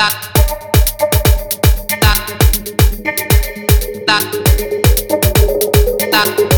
tak tak tak